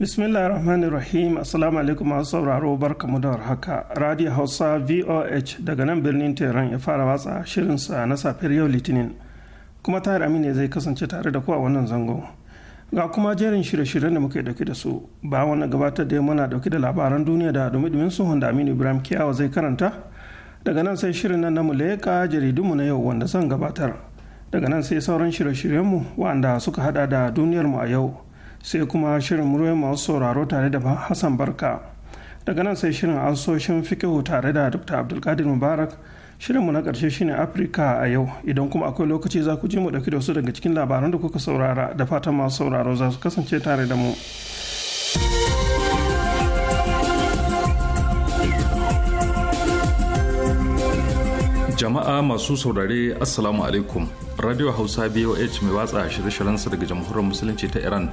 bismillah rahman rahim assalamu alaikum masu sauraro mu da haka radio hausa voh daga nan birnin tehran ya fara watsa shirinsa na safiyar yau litinin kuma tahir amina zai kasance tare da ku a wannan zango ga kuma jerin shirye-shiryen da muke dauke da su ba wani gabatar da muna dauke da labaran duniya da dumi-dumin su wanda aminu ibrahim kiyawa zai karanta daga nan sai shirin nan na mu leka jaridunmu na yau wanda zan gabatar daga nan sai sauran shirye-shiryenmu wanda suka hada da duniyarmu a yau sai kuma shirin muryoyin masu sauraro tare da hassan barka daga nan sai shirin ansoshin fikihu tare da dr abdulkadir mubarak shirinmu na karshe shine afirka a yau idan kuma akwai lokaci za ku ji mu dauki da wasu daga cikin labaran da kuka saurara da fatan masu sauraro za su kasance tare da mu jama'a masu saurare assalamu alaikum radio hausa boh mai watsa shirye-shiryensa daga jamhuriyar musulunci ta iran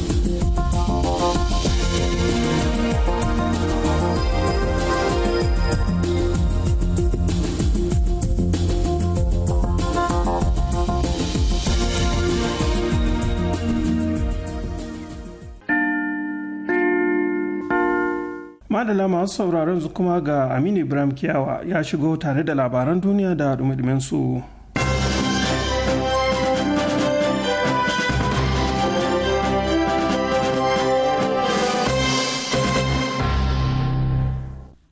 madala masu sauraron su kuma ga aminu ibrahim kiyawa ya shigo tare da labaran duniya da dumi su.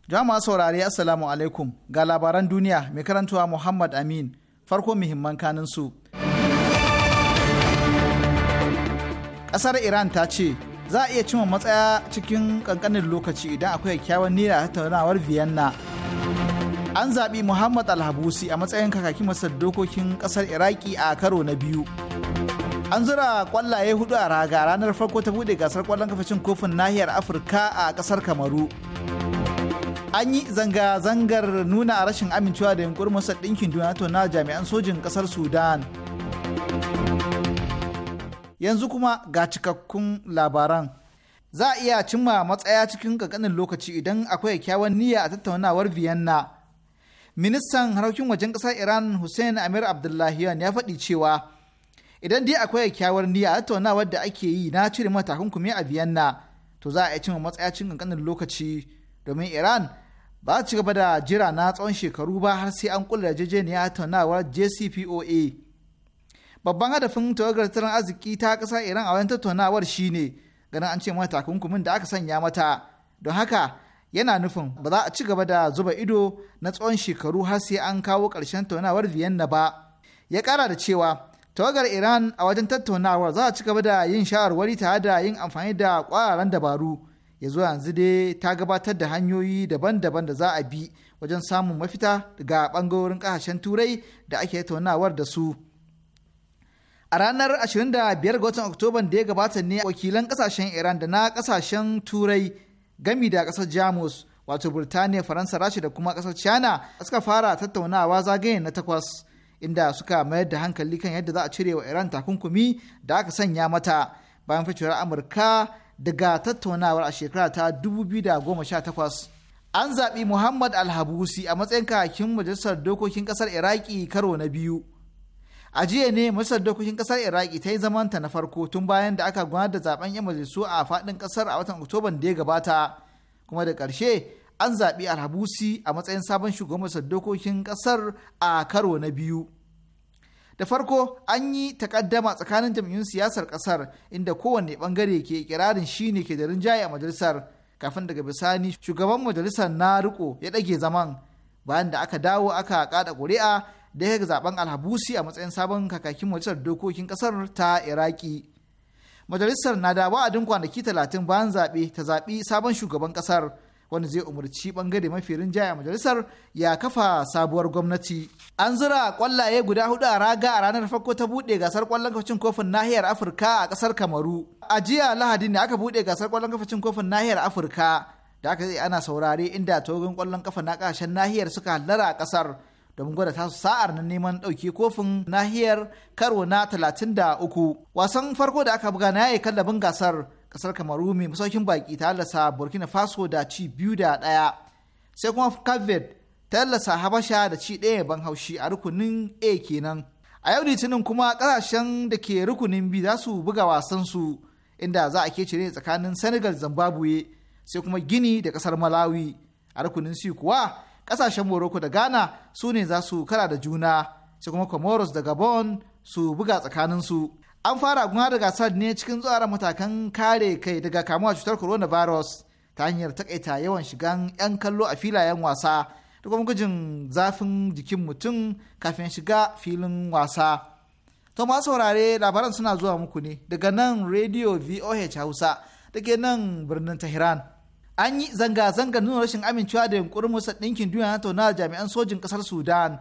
jama'a saurari assalamu alaikum ga labaran duniya mai karantuwa muhammad amin farko muhimman kanin su ƙasar iran ta ce za a iya cimma matsaya cikin kankanin lokaci idan akwai kyawun nira a tattaunawar vienna an zaɓi muhammad alhabusi a matsayin kakakin masa dokokin ƙasar iraki a karo na biyu an zura kwallaye hudu a raga ranar farko ta buɗe gasar kwallon kafacin kofin nahiyar afirka a ƙasar kamaru an yi zanga-zangar nuna a rashin amincewa da yunkurin masar ɗinkin duniya na jami'an sojin ƙasar sudan yanzu kuma ga cikakkun labaran za a iya cimma matsaya cikin ƙanƙanin lokaci idan akwai kyawun niyya a tattaunawar vienna ministan harkokin wajen ƙasar iran hussein amir abdullahian ya faɗi cewa idan dai akwai kyawar niyya a tattaunawar da ake yi na cire mata takunkumi a vienna to za a iya cimma matsaya cikin ƙanƙanin lokaci domin iran ba ci gaba da jira na tsawon shekaru ba har sai an kula yarjejeniya tattaunawar jcpoa babban hadafin tawagar tattalin arziki ta ƙasar iran a wani tattaunawar shine ganin an ce mata takunkumin da aka sanya mata don haka yana nufin ba za a ci gaba da zuba ido na tsawon shekaru har sai an kawo ƙarshen tattaunawar vienna ba ya kara da cewa tawagar iran a wajen tattaunawar za a ci gaba da yin shawarwari tare da yin amfani da kwararan dabaru ya zo yanzu dai ta gabatar da hanyoyi daban-daban da za a bi wajen samun mafita ga bangarorin ƙasashen turai da ake tattaunawar da su. A ranar 25 ga watan Oktoban da ya gabata ne wakilan kasashen Iran da na kasashen Turai gami da kasar Jamus wato Burtaniya, Faransa, Rasha da kuma kasar China suka fara tattaunawa zagaye na takwas inda suka mayar da hankali kan yadda za a cire wa Iran takunkumi da aka sanya mata bayan ficewar Amurka daga tattaunawar a shekara ta 2018. An zaɓi Muhammad Alhabusi a matsayin kakin majalisar dokokin ƙasar Iraki karo na biyu. a jiya ne masar dokokin kasar iraki ta yi zamanta na farko tun bayan da aka gudanar da zaben yan majalisu a faɗin kasar a watan oktoban da ya gabata kuma da karshe an zaɓi alhabusi a matsayin sabon shugaban masar dokokin kasar a karo na biyu da farko an yi takaddama tsakanin jam'iyyun siyasar kasar inda kowanne bangare ke kirarin shine ke da rinjaye a majalisar kafin daga bisani shugaban majalisar na riko ya ɗage zaman bayan da aka dawo aka kada ƙuri'a da ya zaben alhabusi a matsayin sabon kakakin majalisar dokokin kasar ta iraki majalisar na da wa'adin kwanaki talatin bayan zaɓe ta zaɓi sabon shugaban ƙasar wanda zai umarci ɓangare mafi rinjaya a majalisar ya kafa sabuwar gwamnati an zura kwallaye guda hudu a raga a ranar farko ta buɗe gasar kwallon kafacin kofin nahiyar afirka a ƙasar kamaru a jiya lahadi ne aka buɗe gasar kwallon kafacin kofin nahiyar afirka da aka ana saurare inda togon kwallon kafa na ƙasashen nahiyar suka hallara a ƙasar domin gwada tasu sa'ar na neman ɗauke kofin nahiyar karo na 33 wasan farko da aka buga na yi kallabin gasar kasar kamaru mai masaukin baki ta lasa burkina faso da ci biyu da ɗaya sai kuma kavid ta lasa habasha da ci ɗaya ban haushi a rukunin a kenan a yau litinin kuma ƙasashen da ke rukunin bi za su buga su inda za a ke cire tsakanin senegal zimbabwe sai kuma gini da kasar malawi a rukunin si kuwa kasashen morocco da ghana su ne za su kara da juna sai kuma comoros da gabon su buga tsakaninsu an fara guna da gasar ne cikin tsara matakan kare kai daga kamuwa cutar coronavirus ta hanyar takaita yawan shigan 'yan kallo a filayen wasa da kuma gujin zafin jikin mutum kafin shiga filin wasa to ma saurare labaran suna zuwa muku ne daga nan radio voh hausa da ke nan birnin tehran an yi zanga zanga nuna rashin amincewa da yunkurin musa ɗinkin duniya na tauna jami'an sojin ƙasar sudan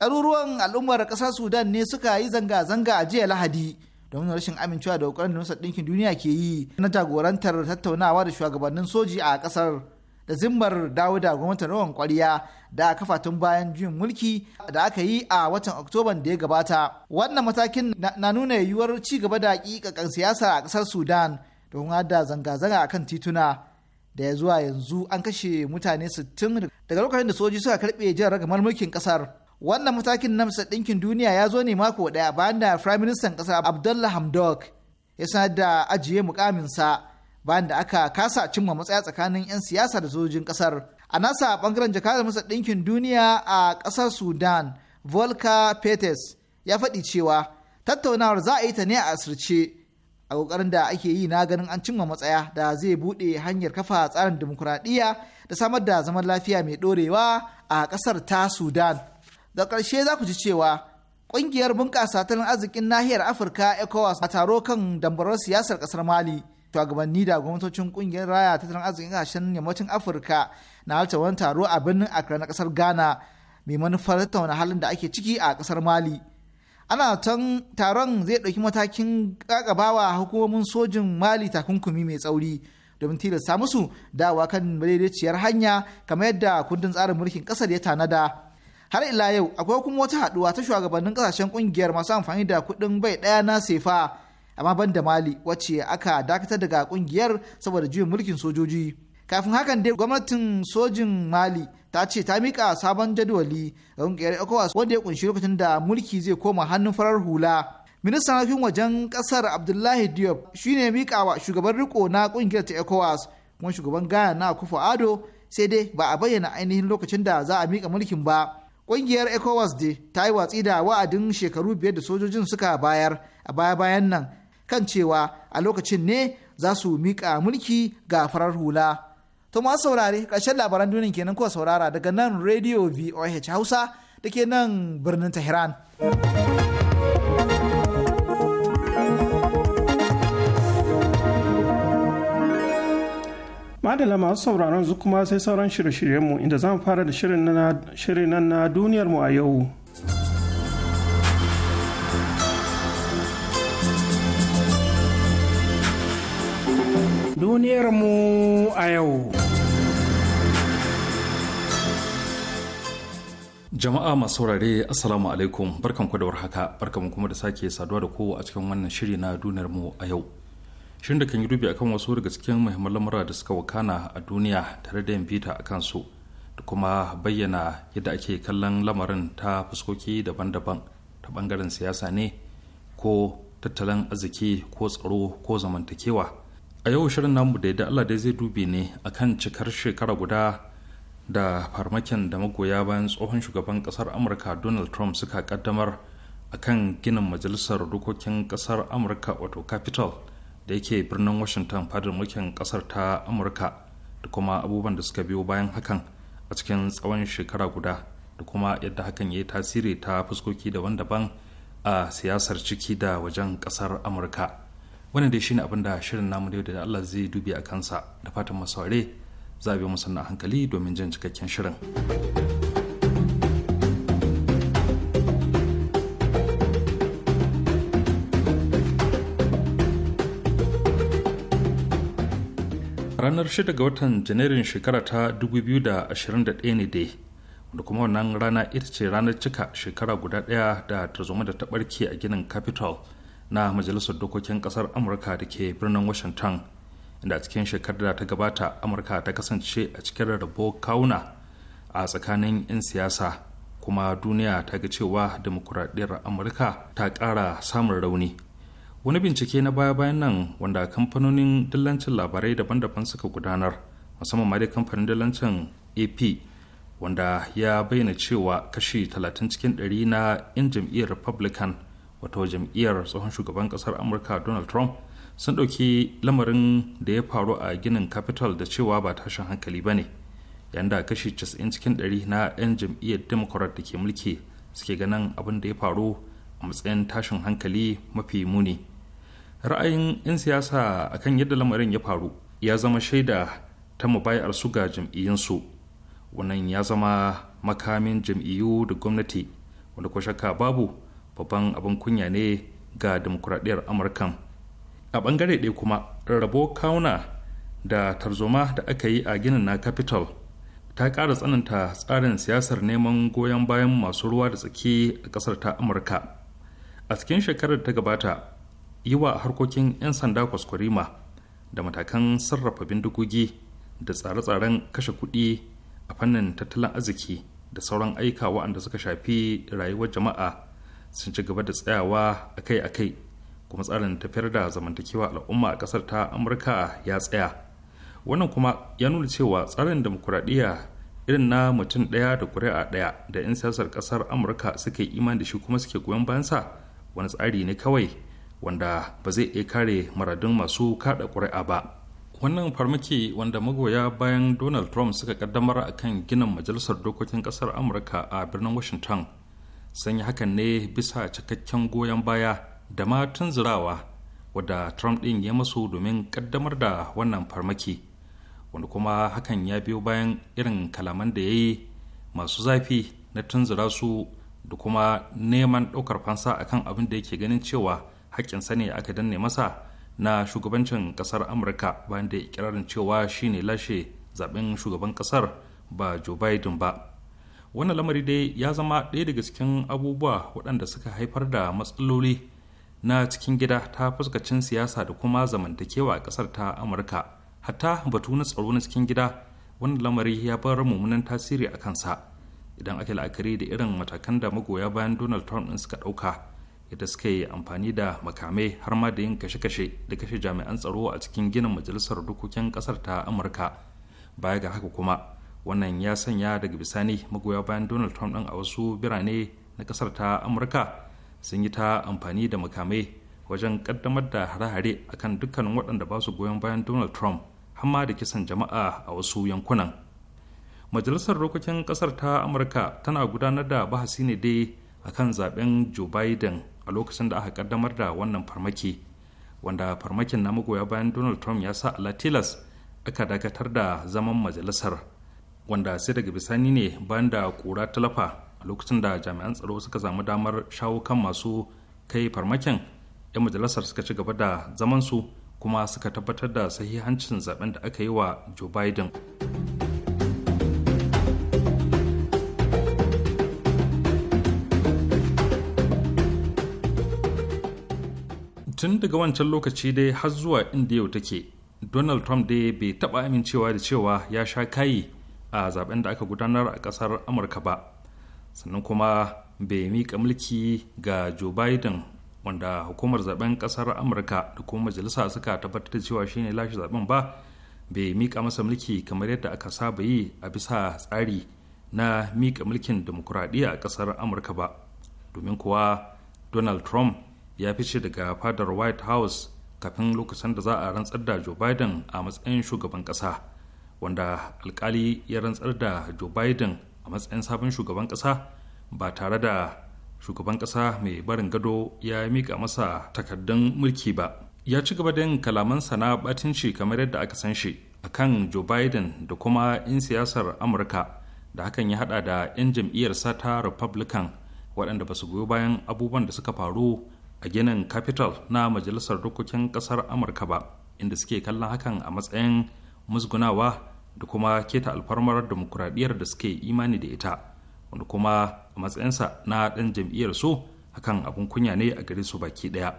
ɗaruruwan al'ummar ƙasar sudan ne suka yi zanga-zanga a jiya lahadi domin rashin amincewa da ƙoƙarin da musa ɗinkin duniya ke yi na jagorantar tattaunawa da shugabannin soji a ƙasar da zimbar dawo da gwamnatin rawan kwariya da a kafa tun bayan juyin mulki da aka yi a watan oktoban da ya gabata wannan matakin na nuna yiwuwar ci gaba da ƙiƙaƙar siyasa a ƙasar sudan domin hada zanga-zanga akan tituna da ya zuwa yanzu an kashe mutane 60 daga lokacin da soji suka karɓe jihar ragamar mulkin ƙasar. Wannan matakin na Majalisar Ɗinkin Duniya ya zo ne mako daya bayan da Firayim Ministan ƙasar Abdullah Hamdok ya sanar da ajiye mukaminsa bayan da aka kasa cimma matsaya tsakanin 'yan siyasa da sojojin ƙasar. A nasa ɓangaren jakadar Majalisar Ɗinkin Duniya a ƙasar Sudan, Volker Peters ya faɗi cewa tattaunawar za a yi ta ne a asirce a kokarin da ake yi na ganin an cimma matsaya da zai buɗe hanyar kafa tsarin dimokuraɗiyya da samar da zaman lafiya mai ɗorewa a ƙasar ta sudan da ƙarshe za ku ji cewa ƙungiyar bunƙasa tattalin arzikin nahiyar afirka ecowas a taro kan dambarar siyasar ƙasar mali shugabanni da gwamnatocin ƙungiyar raya tattalin arzikin ƙasashen yammacin afirka na halarta wani taro a birnin accra na ƙasar ghana mai manufar tattauna halin da ake ciki a ƙasar mali ana tan taron zai ɗauki matakin ƙaƙabawa hukumomin sojin mali takunkumi mai tsauri domin tilasta musu dawa kan madaidaiciyar hanya kamar yadda kundin tsarin mulkin ƙasar ya tanada har ila yau akwai kuma wata haɗuwa ta shugabannin ƙasashen ƙungiyar masu amfani da kuɗin bai ɗaya na sefa amma ban da mali wacce aka dakatar daga ƙungiyar saboda juyin mulkin sojoji kafin hakan dai gwamnatin sojin mali ta ce ta mika sabon jadawali a ƙungiyar ecowas wanda ya kunshi lokacin da mulki zai koma hannun farar hula ministan harkokin wajen ƙasar abdullahi diop shine ne mika wa shugaban riko na ƙungiyar ta ecowas kuma shugaban gana na kufa ado sai dai ba a bayyana ainihin lokacin da za a mika mulkin ba ƙungiyar ecowas dai ta yi watsi da wa'adin shekaru biyar da sojojin suka bayar a baya bayan nan kan cewa a lokacin ne za su mika mulki ga farar hula To masu saurare ƙarshen labaran duniya kenan kuwa saurara daga nan Radio VOH Hausa da ke nan birnin Tehran. Madala masu sauraron zu kuma sai sauran shirye-shiryenmu inda zan fara da shirin nan na duniyarmu a yau. Duniyarmu a yau. Jama'a masu saurare Assalamu alaikum barkanku da warhaka barkanku kuma da sake saduwa da kowa a cikin wannan shiri na duniyarmu a yau. Shirin da kan yi dubi akan wasu daga cikin muhimman lamura da suka wakana a duniya tare da yin bita a kansu da kuma bayyana yadda ake kallon lamarin ta fuskoki daban-daban ta bangaren siyasa ne ko tattalin arziki ko tsaro ko zamantakewa a yau shirin namu da Allah dai zai dubi ne a kan cikar shekara guda da farmakin da magoya bayan tsohon shugaban kasar amurka donald trump suka kaddamar a kan ginin majalisar dokokin kasar amurka wato capital da yake birnin washington fadar mulkin kasar ta amurka da kuma abubuwan da suka biyo bayan hakan a cikin tsawon shekara guda da kuma yadda hakan ya yi tasiri ta fuskoki daban-daban a siyasar ciki da wajen kasar amurka wannan dai shine abin da shirin namu yau da Allah zai dubi a kansa da fatan masaure za a biyo musu na hankali domin jin cikakken shirin. ranar 6 ga watan janairun shekara ta 2021 ne dai wanda kuma wannan rana ita ce ranar cika shekara guda daya da tarzoma da ta barke a ginin capital na majalisar dokokin kasar amurka da ke birnin washington inda a cikin shekarar da ta gabata amurka ta kasance a cikin rarrabo kawuna a tsakanin 'yan siyasa kuma duniya ta ga cewa demokuraɗiyar amurka ta ƙara samun rauni wani bincike na baya-bayan nan wanda kamfanonin dillancin labarai daban-daban suka gudanar musamman ma da kamfanin dillancin ap wanda ya bayyana cewa kashi 30 cikin 100 na 'yan jam'iyyar republican wato jam'iyyar tsohon shugaban kasar amurka donald trump sun ɗauki lamarin da ya faru a ginin capital da cewa ba tashin hankali ba ne yadda kashi 90 cikin 100 na 'yan jam'iyyar democrat da ke mulki suke ganin abin da ya faru a matsayin tashin hankali mafi muni ra'ayin 'yan siyasa akan yadda lamarin ya faru ya zama shaida ta mubayar su ga jam'iyyunsu wannan ya zama makamin jam'iyyu da gwamnati wanda ko shakka babu babban abin kunya ne ga demokuraɗiyar amurka a ɓangare ɗaya kuma rarrabo kauna da tarzoma da aka yi a ginin na capital ta ƙara tsananta tsarin siyasar neman goyon bayan masu ruwa da tsaki a ƙasar ta amurka a cikin shekarar ta gabata yi wa harkokin 'yan sanda kwaskwarima da matakan sarrafa bindigogi da tsare-tsaren kashe kuɗi a fannin tattalin arziki da sauran aika waɗanda suka shafi rayuwar jama'a sun ci gaba da tsayawa akai-akai kuma tsarin tafiyar da zamantakewa al'umma a kasar ta amurka ya tsaya wannan kuma ya nuna cewa tsarin demokuraɗiyya irin na mutum ɗaya da ƙuri'a ɗaya da 'yan siyasar ƙasar amurka suke iman da shi kuma suke goyon bayan sa wani tsari ne kawai wanda ba zai iya kare maradun masu kaɗa ƙuri'a ba wannan farmaki wanda magoya bayan donald trump suka kaddamar akan kan ginin majalisar dokokin ƙasar amurka a birnin washington sun yi hakan ne bisa cikakken goyon baya da ma tunzurawa wadda trump din ya masu domin ƙaddamar da wannan farmaki wanda kuma hakan ya biyo bayan irin kalaman da ya yi masu zafi na tunzura su da kuma neman ɗaukar fansa akan abin da yake ganin cewa haƙƙin sani aka danne masa na shugabancin ƙasar amurka bayan da ya ikirarin cewa shine lashe zaben shugaban ƙasar ba joe biden ba wannan lamari dai ya zama ɗaya daga cikin abubuwa waɗanda suka haifar da matsaloli na cikin gida ta fuskacin siyasa da kuma zamantakewa a ƙasar ta amurka hatta batu na tsaro na cikin gida wannan lamari ya bar mummunan tasiri a kansa idan aka la'akari da irin matakan da magoya bayan donald trump ɗin suka ɗauka yadda suka yi amfani da makamai har ma da yin kashe-kashe da kashe jami'an tsaro a cikin ginin majalisar dokokin ƙasar ta amurka baya ga haka kuma wannan ya sanya daga bisani magoya bayan donald trump ɗin a wasu birane na ƙasar ta amurka sun yi ta amfani da makamai wajen ƙaddamar da hare-hare akan dukkanin waɗanda ba su goyon bayan donald trump hamma da kisan jama'a a wasu yankunan majalisar dokokin ƙasar ta amurka tana gudanar da bahasi ne dai akan zaben joe biden a lokacin da aka kaddamar da wannan farmaki wanda farmakin na magoya bayan donald trump ya sa alatilas aka dakatar da zaman majalisar wanda sai daga bisani ne bayan da kura talafa a lokacin da jami'an tsaro suka samu damar shawo kan masu kai farmakin 'yan majalisar suka ci gaba da zaman su kuma suka tabbatar da sahihancin zaben da aka yi wa joe biden tun daga wancan lokaci dai har zuwa inda yau take donald trump dai bai taba amincewa da cewa ya sha kayi a zaben da aka gudanar a kasar amurka ba sannan kuma bai miƙa mulki ga joe biden wanda hukumar zaben kasar amurka da kuma majalisa suka tabbatar da cewa shine lashe zaben ba bai miƙa masa mulki kamar yadda aka saba yi a bisa tsari na miƙa mulkin demokuraɗiyya a kasar amurka ba domin kuwa donald trump ya fice daga fadar white house kafin lokacin da za a rantsar da joe biden a matsayin shugaban kasa wanda alkali ya rantsar da joe biden a matsayin sabon shugaban kasa ba tare da shugaban kasa mai barin gado ya mika masa takardun mulki ba ya ci gaba da yin kalaman na batinci kamar yadda aka san shi akan joe biden da kuma 'yan siyasar amurka da hakan ya hada da 'yan jam'iyyar sata republican waɗanda ba su goyi bayan abubuwan da suka faru a ginin capital na majalisar dokokin ƙasar amurka ba inda suke kallon hakan a matsayin musgunawa da kuma keta alfarmar demokuraɗiyar da suke imani da ita wanda kuma a matsayinsa na ɗan jam'iyyar so hakan abin kunya ne a garin su baki ɗaya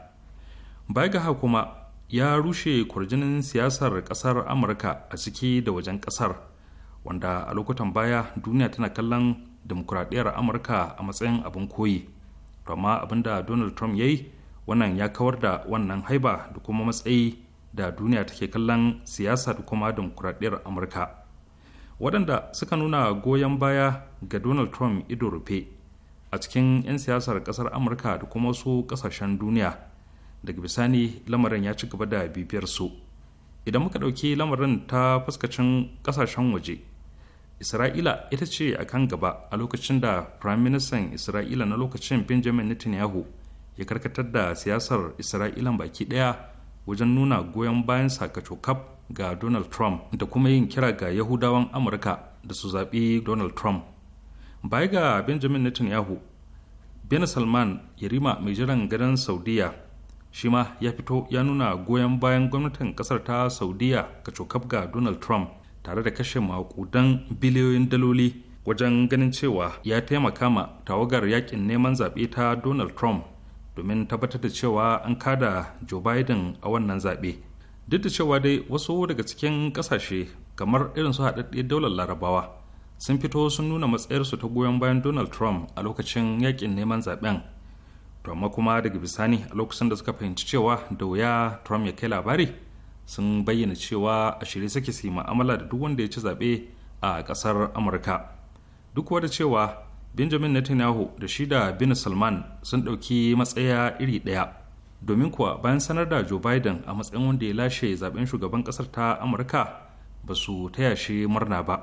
baya ga haka kuma ya rushe kwarjinin siyasar ƙasar amurka a ciki da wajen ƙasar wanda a lokutan baya duniya tana kallon demokuraɗiyar amurka a matsayin abin koyi amma abin da donald trump ya yi wannan ya kawar da wannan haiba da kuma matsayi da duniya take kallon siyasa da kuma demokuraɗiyar amurka waɗanda suka nuna goyon baya ga donald trump ido rufe a cikin 'yan siyasar ƙasar amurka da kuma wasu ƙasashen duniya daga bisani lamarin ya ci gaba da bibiyar su idan muka ɗauki lamarin ta fuskacin ƙasashen waje isra'ila ita ce a kan gaba a lokacin da prime minister isra'ila na lokacin benjamin netanyahu ya karkatar da siyasar isra'ilan baki ɗaya wajen nuna goyon bayan sakacokaf ga donald trump da kuma yin kira ga yahudawan amurka da su zaɓi donald trump baya ga benjamin netanyahu bin salman yarima mai jiran gadon saudiya shi ma ya fito ya nuna goyon bayan gwamnatin kasar ta saudiya ga cokaf ga donald trump tare da kashe makudan biliyoyin daloli wajen ganin cewa ya taimaka ma tawagar yakin neman zaɓe ta donald trump domin tabbatar da cewa an kada joe biden a wannan zaɓe duk da cewa dai wasu daga cikin ƙasashe kamar irin su haɗaɗɗiyar daular larabawa sun fito sun nuna matsayarsu ta goyon bayan donald trump a lokacin yakin neman zaɓen to amma kuma daga bisani a lokacin da suka fahimci cewa da wuya trump ya kai labari sun bayyana cewa a shirye suke su yi ma'amala da duk wanda ya ci zaɓe a ƙasar amurka duk da cewa benjamin netanyahu da shi da bin salman sun ɗauki matsaya iri ɗaya domin kuwa bayan sanar da joe biden a matsayin wanda ya lashe zaben shugaban ƙasar ta amurka ba su taya shi murna ba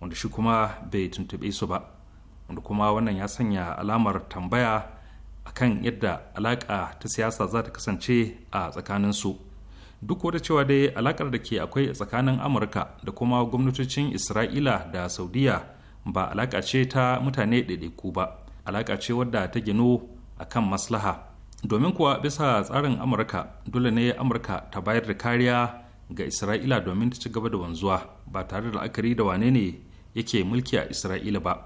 wanda shi kuma bai tuntuɓe su ba wanda kuma wannan ya sanya alamar tambaya a kan yadda alaƙa ta siyasa za ta kasance a tsakaninsu duk da cewa dai alaƙar da ke akwai tsakanin amurka da kuma gwamnatocin isra'ila da saudiyya. ba alaƙa ce ta mutane ɗaiɗaiku ba alaƙa ce wadda ta a kan maslaha domin kuwa bisa tsarin amurka dole ne amurka ta bayar da kariya ga isra'ila domin ta ci gaba da wanzuwa ba tare da la'akari da wane ne yake mulki a isra'ila ba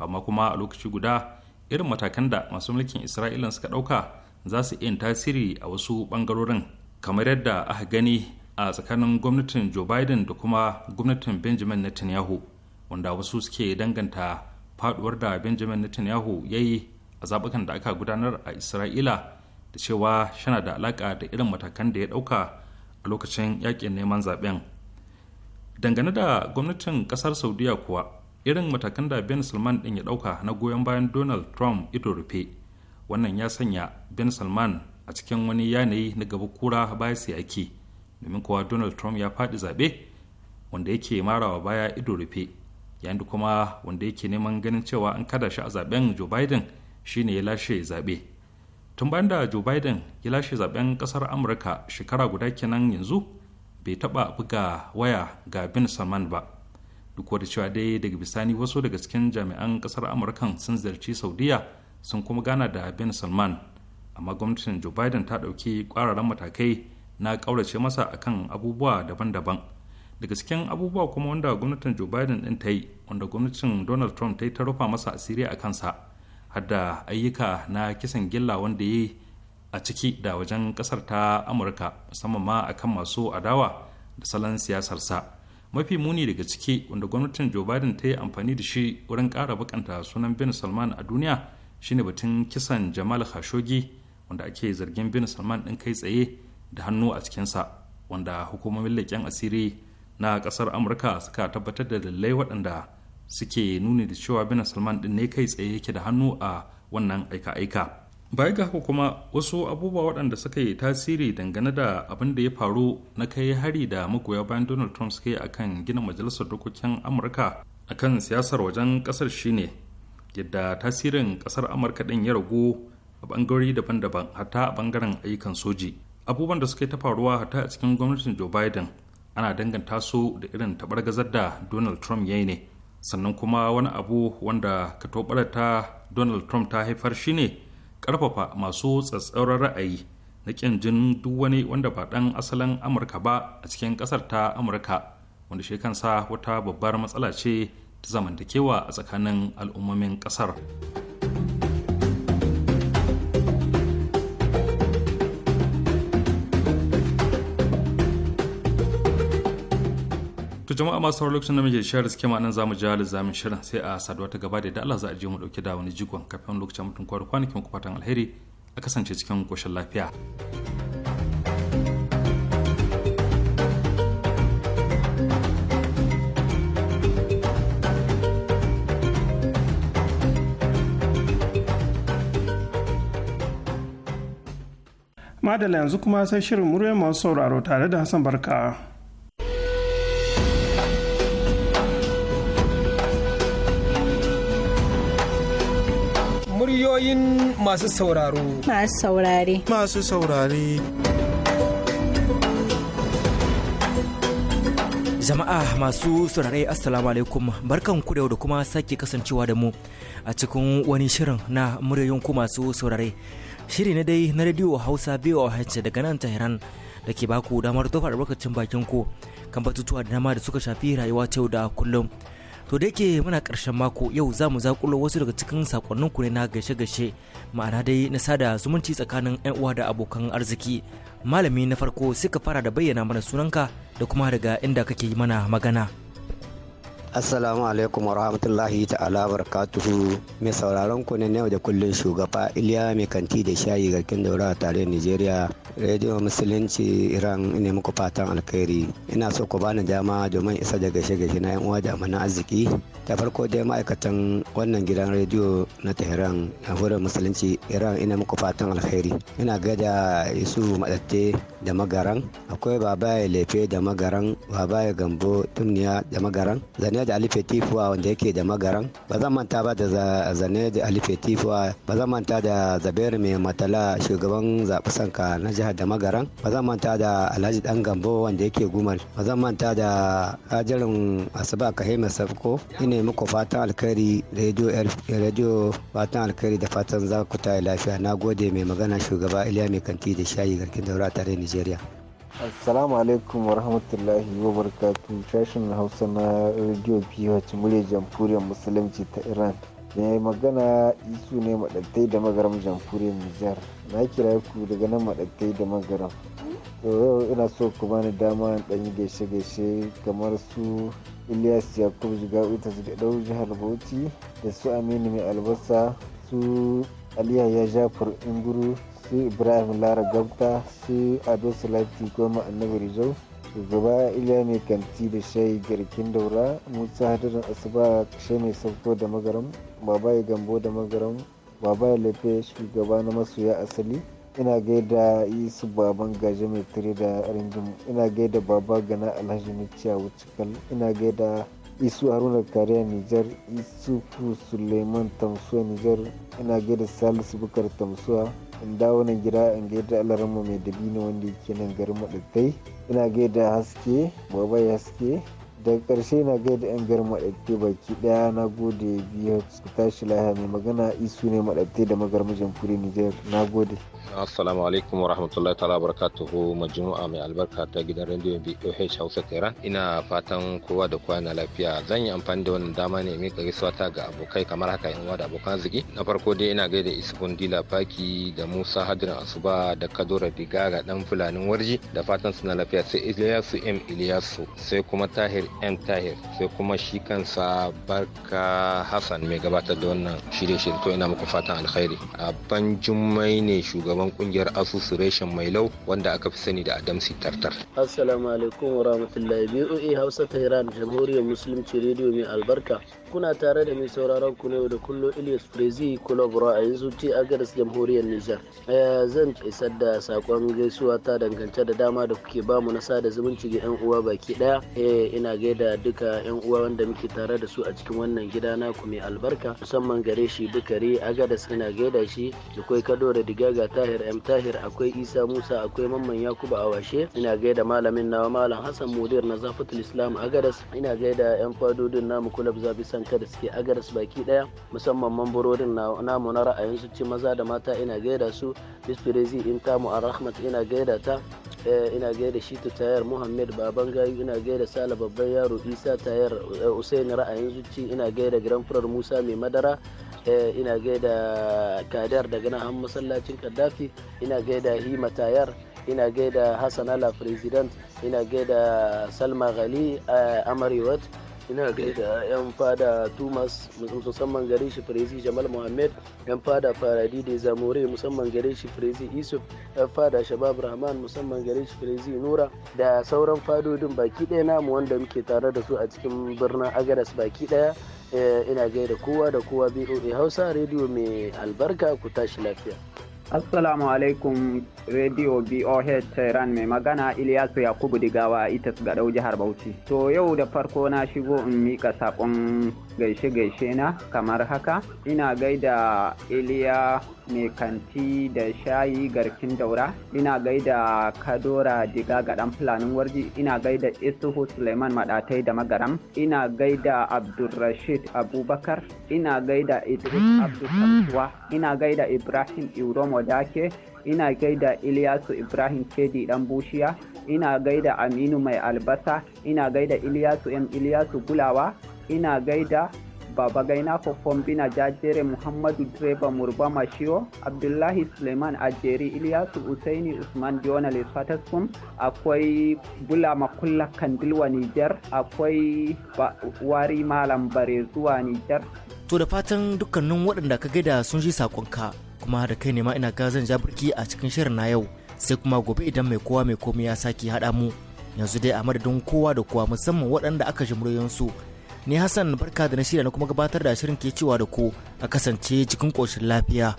amma kuma a lokaci guda irin matakan da masu mulkin isra'ila suka ɗauka za su iya tasiri a wasu ɓangarorin kamar yadda aka gani a tsakanin gwamnatin joe biden da kuma gwamnatin benjamin netanyahu wanda wasu suke danganta faduwar da benjamin netanyahu ya yi a zaɓukan da aka gudanar a isra'ila da cewa shana da alaƙa da irin matakan da ya ɗauka a lokacin yakin neman zaɓen dangane da gwamnatin ƙasar saudiya kuwa irin matakan da ben salman ɗin ya ɗauka na goyon bayan donald trump ido rufe wannan ya sanya ben salman a cikin wani yanayi na gaba kura baya sai ake domin kowa donald trump ya faɗi zaɓe wanda yake marawa baya ido rufe yayin da kuma wanda yake neman ganin cewa an kada shi a zaben joe biden shine ya lashe zaɓe tun bayan da joe biden ya lashe zaben ƙasar amurka shekara guda kenan yanzu bai taɓa buga waya ga bin salman ba duk da cewa dai daga bisani wasu daga cikin jami'an ƙasar amurkan sun ziyarci saudiya sun kuma gana da bin salman amma gwamnatin joe biden ta ɗauki ƙwararren matakai na ƙaurace masa akan abubuwa daban-daban daga cikin abubuwa kuma wanda gwamnatin joe biden din ta yi wanda gwamnatin donald trump ta yi ta rufa masa asiri a kansa har da ayyuka na kisan gilla wanda ya yi a ciki da wajen kasar ta amurka musamman ma akan masu adawa da salon siyasarsa mafi muni daga ciki wanda gwamnatin joe biden ta yi amfani da shi wurin kara bukanta sunan bin salman a duniya shine batun kisan jamal khashoggi wanda ake zargin bin salman ɗin kai tsaye da hannu a cikinsa wanda hukumomin leƙen asiri na kasar amurka suka tabbatar da dalilai waɗanda suke nuni da cewa bin salman din ne kai tsaye yake da hannu a wannan aika-aika baya ga haka kuma wasu abubuwa waɗanda suka yi tasiri dangane da abin da ya faru na kai hari da magoya bayan donald trump suka yi akan gina majalisar dokokin amurka akan siyasar wajen ƙasar shine yadda tasirin ƙasar amurka ɗin ya ragu a ɓangarori daban-daban hata a ɓangaren ayyukan soji abubuwan da suka yi ta faruwa hatta a cikin gwamnatin joe biden ana danganta su da irin taɓargazar da donald trump ya yi ne sannan kuma wani abu wanda ka ta donald trump ta haifar shine karfafa masu tsatsauran ra'ayi na ƙin jin duk wani wanda ba ɗan asalin amurka ba a cikin ƙasar ta amurka wanda shi kansa wata babbar matsala ce ta zamantakewa a tsakanin al'ummomin ƙasar. to jama'a masu sauran lokacin da muke share suke ma nan za mu zamin shirin sai a saduwa ta gaba da yadda Allah za a je mu dauke da wani jigon kafin lokacin mutum kwaru kwanakin ku fatan alheri a kasance cikin koshin lafiya. Madala yanzu kuma sai shirin murya masu sauraro tare da Hassan Barka. muryoyin masu sauraro. Masu saurare. Masu saurare. Jama'a masu saurare Assalamu alaikum barkan ku da kuma sake kasancewa da mu a cikin wani shirin na muryoyin ku masu saurare. Shiri na dai na radio Hausa biyu BOH daga nan Tehran da ke baku damar tofa albarkacin bakin ku kan batutuwa da dama da suka shafi rayuwa ta yau da kullum. to da yake muna karshen mako yau za mu zakulo wasu daga cikin sakonnin ku ne na gaishe-gaishe ma'ana dai na sada zumunci tsakanin 'yan uwa da abokan arziki malami na farko suka fara da bayyana mana sunanka da kuma daga inda kake yi mana magana Assalamu alaikum warahmatullahi ta'ala barakatuhu mai sauraron ku ne yau da kullum shugaba Iliya mai kanti da shayi garkin daura tare Nigeria Radio Musulunci Iran ne muku fatan alkhairi ina so ku bani dama domin isa da gashe gashe na yan uwa da amana arziki ta farko dai ma'aikatan wannan gidan rediyo na Tehran Jamhuriyar Musulunci Iran ina muku fatan alkhairi ina gada isu Madatte da Magaran akwai Babaye Lefe da Magaran Babaye Gambo Tumniya da Magaran Zane zane da alife tifuwa wanda yake da magaran ba zan manta ba da zane da alife ba zan manta da zaberi mai matala shugaban zaɓi sanka na jihar da magaran ba zan manta da alhaji dan gambo wanda yake gumar ba zan manta da ajirin asuba kahima sabko ina muku fatan alkhairi radio fatan alkhairi da fatan za ku lafiya na gode mai magana shugaba iliya mai kanti da shayi garkin daura tare nigeria assalamu alaikum wa rahmatullahi wa barakatu sashen hausa na radio bh murya jamhuriyar musulunci ta iran mai magana isu ne madattai da magaram jamhuriyar nijar na kira ku daga nan madattai da magaram yau ina so ku bani dama ɗan yi gaishe-gaishe kamar su ilyas yakub jiga'u ta ɗau jihar bauchi da su aminu mai albasa su aliya ya jafar inguru Su ibrahim lara gabta su ado salati goma annabi rizau shugaba iliya mai kanti da shayi garkin daura musa hadarin asuba kashe mai sauko da magaram ya gambo da magaram ya lafe shugaba na masoya asali ina gaida isu baban gaje mai tare da ringin ina gaida baba gana alhaji miciya wucikal ina gaida isu haruna kariya nijar isu suleiman tamsuwa nijar ina gaida salisu bukar tamsuwa in dawo nan gida in gaida alarmu mai dabino wanda yake nan garin maɗattai ina gaida haske baba haske daga karshe na gaida 'yan garin maɗatte baki ɗaya na gode biyu su tashi lahiya mai magana isu ne maɗatte da magarmajin kuri nijar na gode Assalamu alaikum wa rahmatullahi ta'ala barakatuhu majmu'a mai albarka ta gidan rediyon BOH Hausa Tehran. Ina fatan kowa da kowa na lafiya. Zan yi amfani da wannan dama ne mai kare ta ga abokai kamar haka yan wada da abokan arziki. Na farko dai ina gaida Isfun Dila Faki da Musa Hadirin Asuba da Kadora Digaga dan Fulanin Warji da fatan na lafiya sai Iliyasu M Iliyasu, sai kuma Tahir M Tahir sai kuma shi kansa Barka Hassan mai gabatar da wannan shirye-shirye to ina muku fatan alkhairi. A ban jummai ne shugaban shugaban kungiyar asusu reshen mai lau wanda aka fi sani da adamsi tartar assalamu alaikum wa rahmatullahi boe hausa iran jamhuriyar musulunci rediyo mai albarka kuna tare da mai sauraron ku ne da kullum Ilyas Frezi Kulabura a yanzu ce a garis jamhuriyar Nijar. Zan isar da sakon gaisuwa ta dangance da dama da kuke bamu na sada zumunci ga 'yan uwa baki daya. Eh, ina gaida duka 'yan uwa wanda muke tare da su a cikin wannan gida na ku mai albarka musamman gare shi Bukari a garis ina gaida shi da kwai Kado da Digaga Tahir M Tahir akwai Isa Musa akwai Mamman Yakubu Awashe ina gaida malamin nawa Malam Hassan Mudir na Zafatul Islam a garis ina gaida 'yan fadodin namu kulab san ka da suke agaris baki daya musamman mambarorin namu na ra'ayin su ce maza da mata ina gaida su bisfirezi in tamu a rahmat ina gaida ta eh, ina gaida shi ta tayar muhammed baban gayu ina gaida sala babban yaro isa tayar eh, usain ra'ayin su ce ina gaida furar musa mai madara eh, ina gaida kadar daga han masallacin kaddafi ina gaida hima tayar ina gaida hassan ala president ina gaida salma ghali amarewat ina gaida yan fada tumas musamman gare shi firizi jamal muhammed yan fada faradi da zamore musamman gare shi firizi isuf yan fada shabab rahman musamman gare shi firizi nura da sauran fadodin baki ɗaya namu wanda muke tare da su a cikin birnin agadas baki ɗaya eh, ina gaida kowa da kowa boa hausa rediyo mai albarka ku tashi lafiya Assalamu alaikum Radio BOH Tehran mai magana Ilyasu Yakubu Digawa Itas Gadau jihar Bauchi. To yau da farko na shigo in mika saƙon gaishe-gaishe na kamar haka ina gaida iliya mai kanti da shayi garkin daura ina gaida kadora diga gadan fulanin warji ina gaida isuhu suleiman maɗatai da magaram ina gaida abdulrashid abubakar ina gaida idris mm-hmm. abdul ina gaida ibrahim iromo dake ina gaida Iliyasu Ibrahim Kedi dan Bushiya, ina gaida Aminu Mai Albasa, ina gaida Iliyasu M Iliyasu Gulawa, ina gaida baba gaina fofon bina jajere muhammadu direba murba mashiyo abdullahi suleiman ajeri iliyasu usaini usman journalist fataskum akwai bula makulla kandilwa nijar akwai wari malam bare zuwa nijar to da fatan dukkanin waɗanda ka gaida sun ji saƙonka kuma da kai ne ma ina zan jabirki a cikin shirin na yau sai kuma gobe idan mai kowa mai komai ya sake haɗa mu yanzu dai a madadin kowa da kowa musamman waɗanda aka ji muryoyinsu su ni hassan barka da na shirya na kuma gabatar da shirin ke cewa da ku a kasance cikin koshin lafiya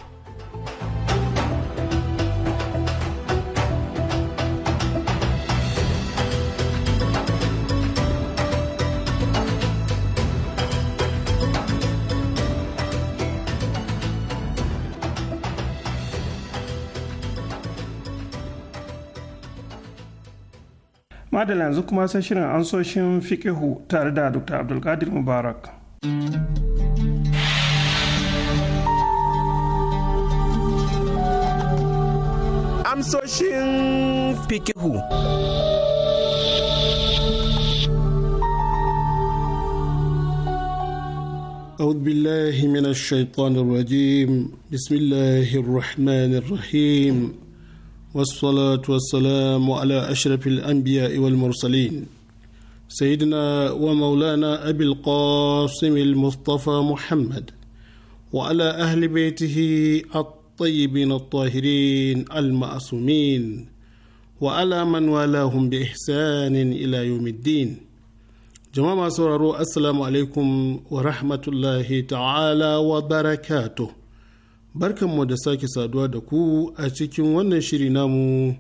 madalla yanzu kuma sai shirin ansoshin fikihu tare da dr abdulkadir mubarak amsoshin fikihu أعوذ بالله من الشيطان الرجيم بسم الله الرحمن الرحيم والصلاة والسلام على أشرف الأنبياء والمرسلين سيدنا ومولانا أبي القاسم المصطفى محمد وعلى أهل بيته الطيبين الطاهرين المعصومين وعلى من والاهم بإحسان إلى يوم الدين جماعة سورة السلام عليكم ورحمة الله تعالى وبركاته barkanmu da sake saduwa da ku a cikin wannan shiri namu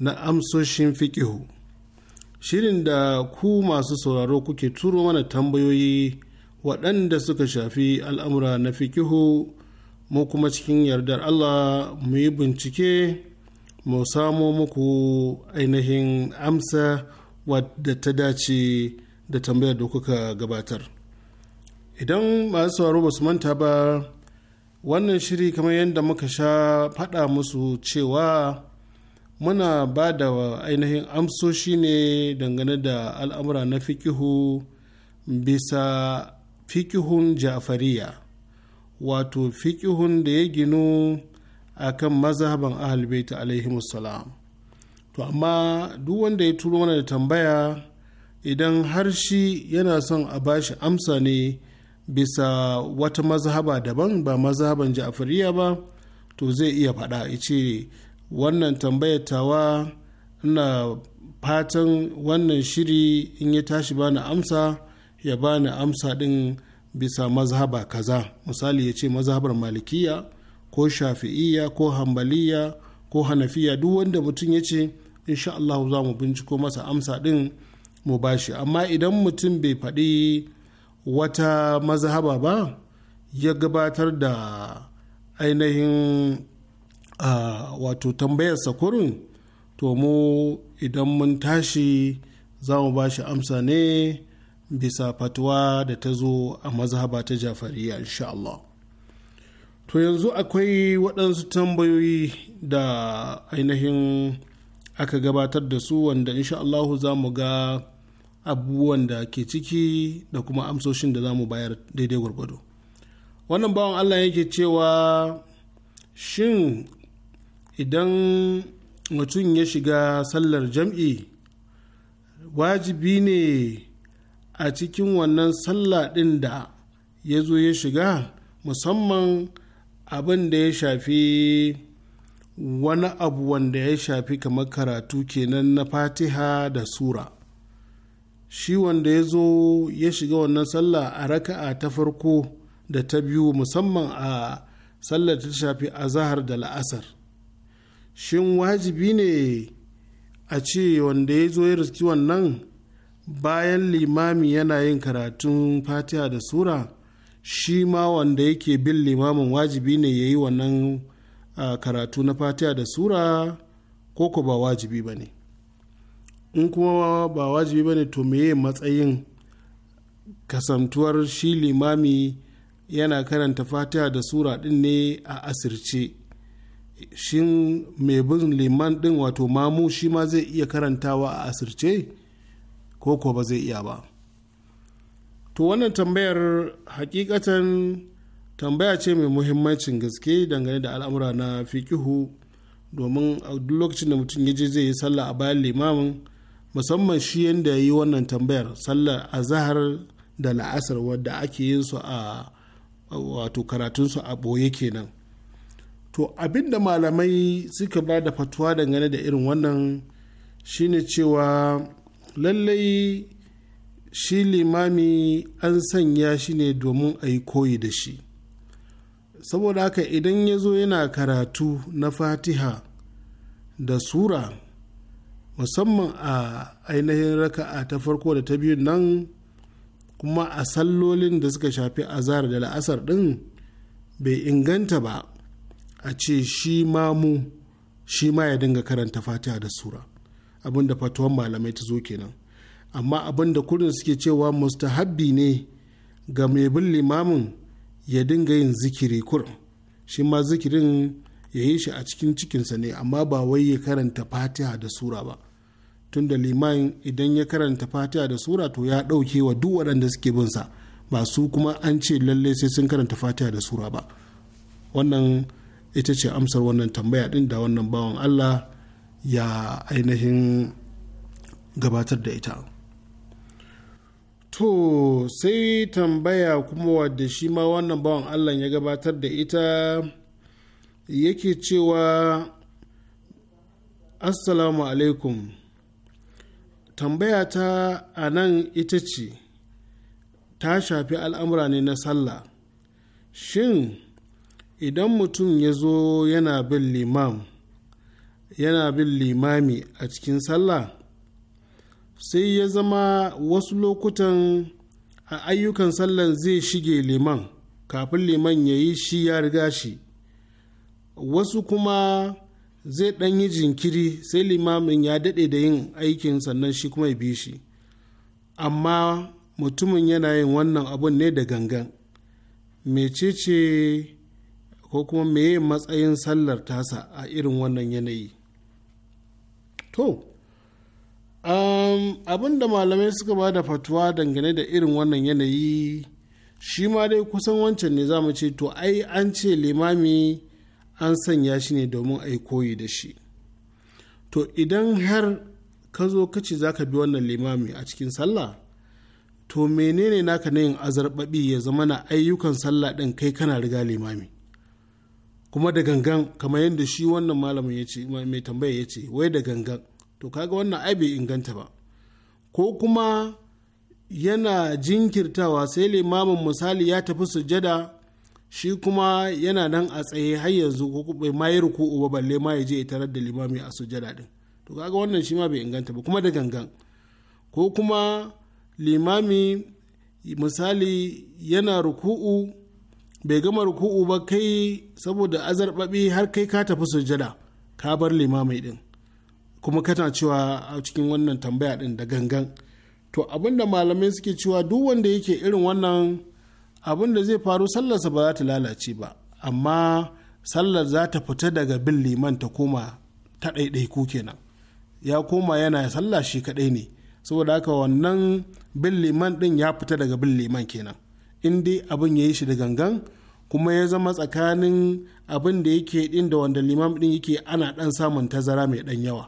na amsoshin fikihu shirin da ku masu sauraro kuke turo mana tambayoyi waɗanda suka shafi al'amura na fikihu mu kuma cikin yardar Allah mu yi bincike mu samo muku ainihin amsa wadda ta dace da tambayar da kuka gabatar idan masu sauraro ba su manta ba wannan shiri kamar yadda muka sha faɗa musu cewa muna ba da ainihin amsoshi ne dangane da al'amura na fikihu bisa fikihun ja'fariya wato fikihun da ya ginu a kan mazhaban ahalbaita alaihimussalam to amma duk wanda ya turo mana da tambaya idan har shi yana son a bashi amsa ne bisa wata mazhaba daban ba mazhaban ja'afariya ba to zai iya faɗa ya ce wannan tambayar tawa ina fatan wannan shiri in ya tashi bani amsa ya bani amsa ɗin bisa mazhaba kaza misali ya ce mazhabar malikiya ko shafi'iya ko hambaliya ko hanafiya duk wanda mutum ya ce insha Allah za mu binciko masa amsa ɗin mu bashi amma idan mutum bai faɗi wata mazhaba ba ya gabatar da ainihin wato tambayar sakurin to mu idan mun tashi za mu ba shi amsa ne bisa fatuwa da ta zo a mazhaba ta jafariya insha Allah. To yanzu akwai waɗansu tambayoyi da ainihin aka gabatar da su wanda insha za mu ga abubuwan da ke ciki da kuma amsoshin da za mu bayar daidai gwargwado wannan bawan allah yake cewa shin idan mutum ya shiga sallar jam'i wajibi ne a cikin wannan sallar ɗin da ya zo ya shiga musamman abin da ya shafi wani abu wanda ya shafi kamar karatu kenan na fatiha da sura shi wanda ya zo ya shiga wannan sallah a raka'a ta farko da ta biyu musamman a sallar ta shafi azahar da la'asar shin wajibi ne a ce wanda ya zo ya riski wannan bayan limami yana yin karatun fatiha da sura shi ma wanda yake bin limamin wajibi ne ya yi wannan karatu na fatiha da sura ko ba wajibi ba ne in kuma ba wajibi bane to meye matsayin kasantuwar shi limami yana karanta fatiha da sura din ne a asirce shin mai bin liman din wato mamu shi ma zai iya karantawa a asirce ko ko ba zai iya ba to wannan tambayar hakikatan tambaya ce mai muhimmancin gaske dangane da al'amura na fikihu domin a duk lokacin da mutum ya je zai yi sallah a bayan limamin musamman shi yadda ya yi wannan tambayar sallar azahar da la'asar wadda ake yin su a wato karatunsu a ɓoye kenan to abinda malamai suka ba da fatuwa dangane da irin wannan shine cewa lallai shi limami an sanya shi ne domin a yi koyi da shi saboda haka idan ya zo yana karatu na fatiha da sura musamman a ainihin raka'a ta farko da ta biyu nan kuma a sallolin da suka shafi azar da la'asar ɗin bai inganta ba a ce shi mu shi ma ya dinga karanta fatiha da sura abinda fatuwan malamai ta zo kenan amma abinda kurin suke cewa mustahabbi ne ga mai bin limamin ya dinga yin zikiri kurin shi ma zikirin ya yi shi a cikin cikinsa ne amma ba wai ya karanta fatiha da sura ba tunda liman idan ya karanta fatiha da sura to ya dauke wa duk waɗanda suke bin sa ba su kuma an ce lalle sai sun karanta fatiha da sura ba wannan ita ce amsar wannan tambaya din da wannan bawan allah ya ainihin gabatar da ita to sai tambaya kuma wadda shi ma wannan bawan allah ya gabatar da ita yake cewa assalamu alaikum tambaya ta a nan ita ce ta shafi al'amura ne na sallah shin idan mutum ya zo yana bin limam yana bin limami a cikin sallah sai ya zama wasu lokutan a ayyukan sallan zai shige liman kafin liman ya yi shi ya riga shi wasu kuma zai ɗan yi jinkiri sai limamin ya daɗe da yin aikin sannan shi kuma ya bi shi amma mutumin yana yin wannan abun ne da gangan mecece ko kuma meye matsayin sallar tasa a irin wannan yanayi to abin da malamai suka ba da fatuwa dangane da irin wannan yanayi shi ma dai kusan wancan ne za mu ce to ai an ce limami an sanya shi ne domin a yi koyi da shi to idan har ka zo ka ce za ka bi wannan limami a cikin sallah to menene naka na yin azarbabi ya zama na ayyukan sallah ɗin kai kana riga limami kuma da gangan kamar yadda shi wannan malamin ya ce mai tambaya ya ce wai da gangan to kaga wannan ai bai inganta ba ko kuma yana jinkirtawa sai limamin misali ya tafi sujada shi kuma yana nan a tsaye har yanzu ko bai ma yi ruku'u ba balle ma ya je ya tarar da limami a sujada din to kaga wannan shi ma bai inganta ba kuma da gangan ko kuma limami misali yana ruku'u bai gama ruku'u ba kai saboda azarbabi har kai ka tafi sujada ka bar limami din kuma kana cewa a cikin wannan tambaya din da gangan to abinda malamai suke cewa duk wanda yake irin wannan abin da zai faru sallarsa ba za ta lalace ba amma sallar za ta fita daga bin liman ta koma ta ɗaiɗaiku kenan ya koma yana sallah shi kaɗai ne saboda haka wannan bin liman ɗin ya fita daga bin liman kenan in dai abin ya yi shi da gangan kuma ya zama tsakanin abin da yake ɗin da wanda liman ɗin yake ana ɗan samun tazara mai ɗan yawa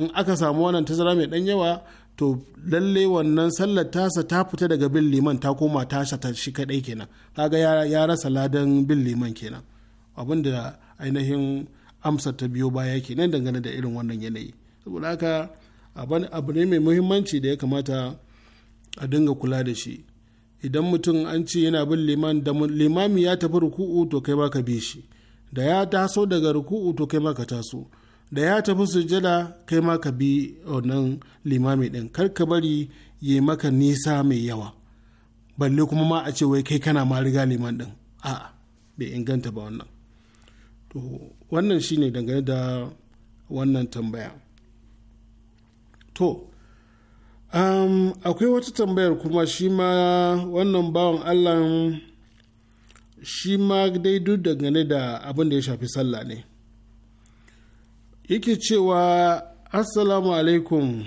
in aka samu wannan tazara mai ɗan yawa to lalle wannan sallar tasa ta fita daga bin liman ta koma tasha ta shi kadai kenan kaga ya rasa ladan bin liman kenan abinda ainihin amsar ta biyo baya kenan dangane da irin wannan yanayi saboda haka abu ne mai muhimmanci da ya kamata a dinga kula da shi idan mutum an ce yana bin liman da limami ya tafi ruku'u to kai ma bi shi da ya taso daga ruku'u to kai ma ka taso da ya tafi sujjada kai ma ka bi wannan limami ɗin kar ka bari ya maka nisa mai yawa balle kuma ma a ce wai kai kana ma riga liman ɗin a'a bai inganta ba wannan to wannan shine dangane da wannan tambaya to um, akwai wata tambayar kuma shi ma wannan bawan allah shi ma dai duk dangane da abin da ya shafi sallah ne yake cewa assalamu alaikum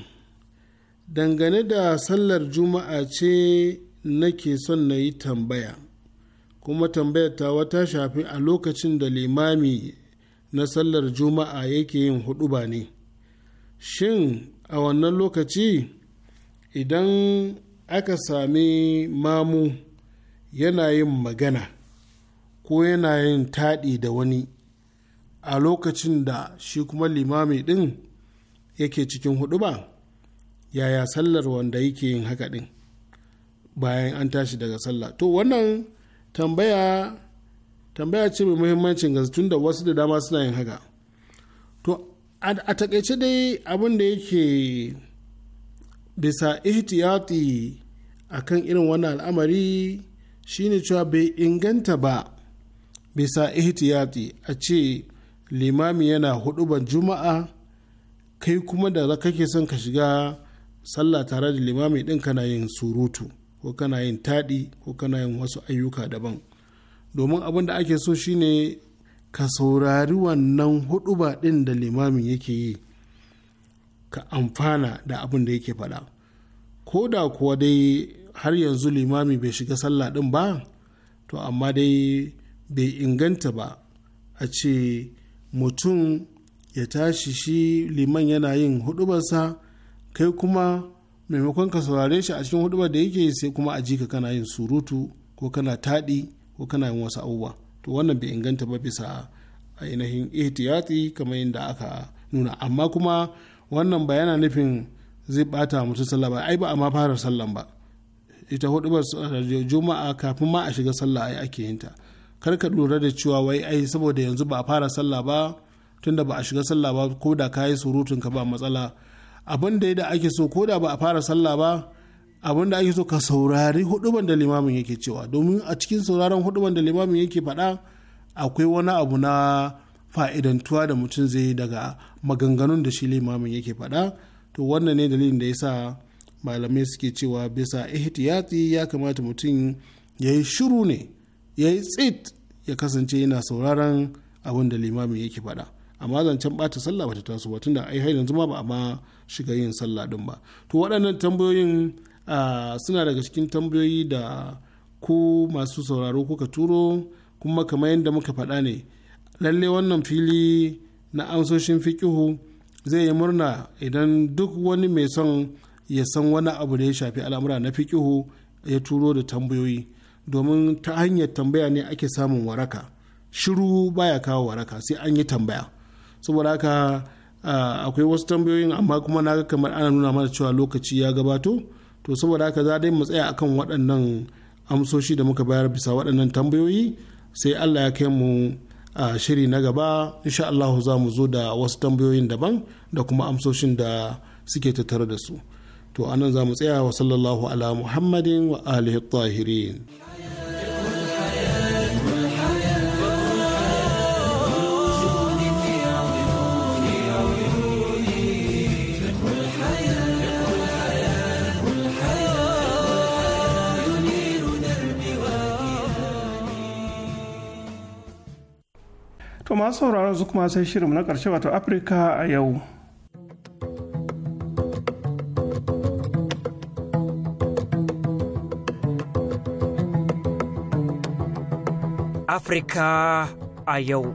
dangane da sallar juma'a ce nake son na yi tambaya kuma tambayar tawa ta shafi a lokacin da limami na sallar juma'a yake yin ba ne shin a wannan lokaci idan aka sami mamu yana yin magana ko yana yin taɗi da wani a lokacin da shi kuma limami ɗin yake cikin huduba yaya sallar wanda yake yin haka ɗin bayan an tashi daga sallah to wannan tambaya tambaya ce mai muhimmancin tun da wasu da dama suna yin haka to a takaice dai abin da yake bisa ihtiyati kan irin wannan al'amari shine cewa bai inganta ba bisa ihtiyati a ce limami yana huduban juma'a kai kuma da kake son ka shiga sallah tare da limami din kana yin surutu ko kana yin taɗi ko kana yin wasu ayyuka daban domin abin da ake so shine ka saurari wannan huduba din da limamin yake yi ka amfana da abin da yake faɗa ko da kuwa dai har yanzu limami bai shiga sallah din ba to amma dai bai inganta ba a ce mutum ya tashi shi liman yana yin hudubarsa kai kuma maimakon ka saurare shi a cikin hudubar da yake sai kuma a ji ka kana yin surutu ko kana taɗi ko kana yin wasu abubuwa to wannan bai inganta ba bisa ainihin ihtiyati kamar yadda aka nuna amma kuma wannan ba yana nufin zai bata mutum sallah ba ai ba a ma fara sallan ba ita hudubar eh, juma'a kafin ma a shiga sallah ai ake yin ta kar ka lura da cewa wai ai saboda yanzu ba a fara sallah ba tunda ba a shiga sallah ba ko da ka yi surutun ka ba matsala abin da da ake so ko da ba a fara sallah ba abin da ake so ka saurari huduban da limamin yake cewa domin a cikin sauraron huduban da limamin yake faɗa akwai wani abu na fa'idantuwa da mutum zai yi daga maganganun da shi limamin yake faɗa to wannan ne dalilin da ya sa malamai suke cewa bisa ihtiyati ya kamata mutum ya yi shiru ne ya yi tsit ya kasance yana sauraron abin da limamin yake faɗa amma zancen bata sallah bata taso ba tunda ai har yanzu ma ba a ma shiga yin sallah din ba to waɗannan tambayoyin suna daga cikin tambayoyi da ku masu sauraro kuka turo kuma kamar yadda muka faɗa ne lalle wannan fili na amsoshin fikihu zai yi murna idan duk wani mai son ya san wani abu da ya shafi al'amura na fikihu ya turo da tambayoyi domin ta hanyar tambaya ne ake samun waraka shiru baya kawo waraka sai an yi tambaya saboda haka akwai wasu tambayoyin amma kuma na ga kamar ana nuna mana cewa lokaci ya gabato to saboda haka za dai mu tsaya akan waɗannan amsoshi da muka bayar bisa waɗannan tambayoyi sai allah ya kai mu a shiri na gaba insha Allah za mu zo da wasu tambayoyin daban da kuma amsoshin da suke tattare da su to anan za mu tsaya wa sallallahu ala muhammadin wa alihi tahirin masu sauraron su kuma sai shirinmu na ƙarshe wato afirka a yau afirka a yau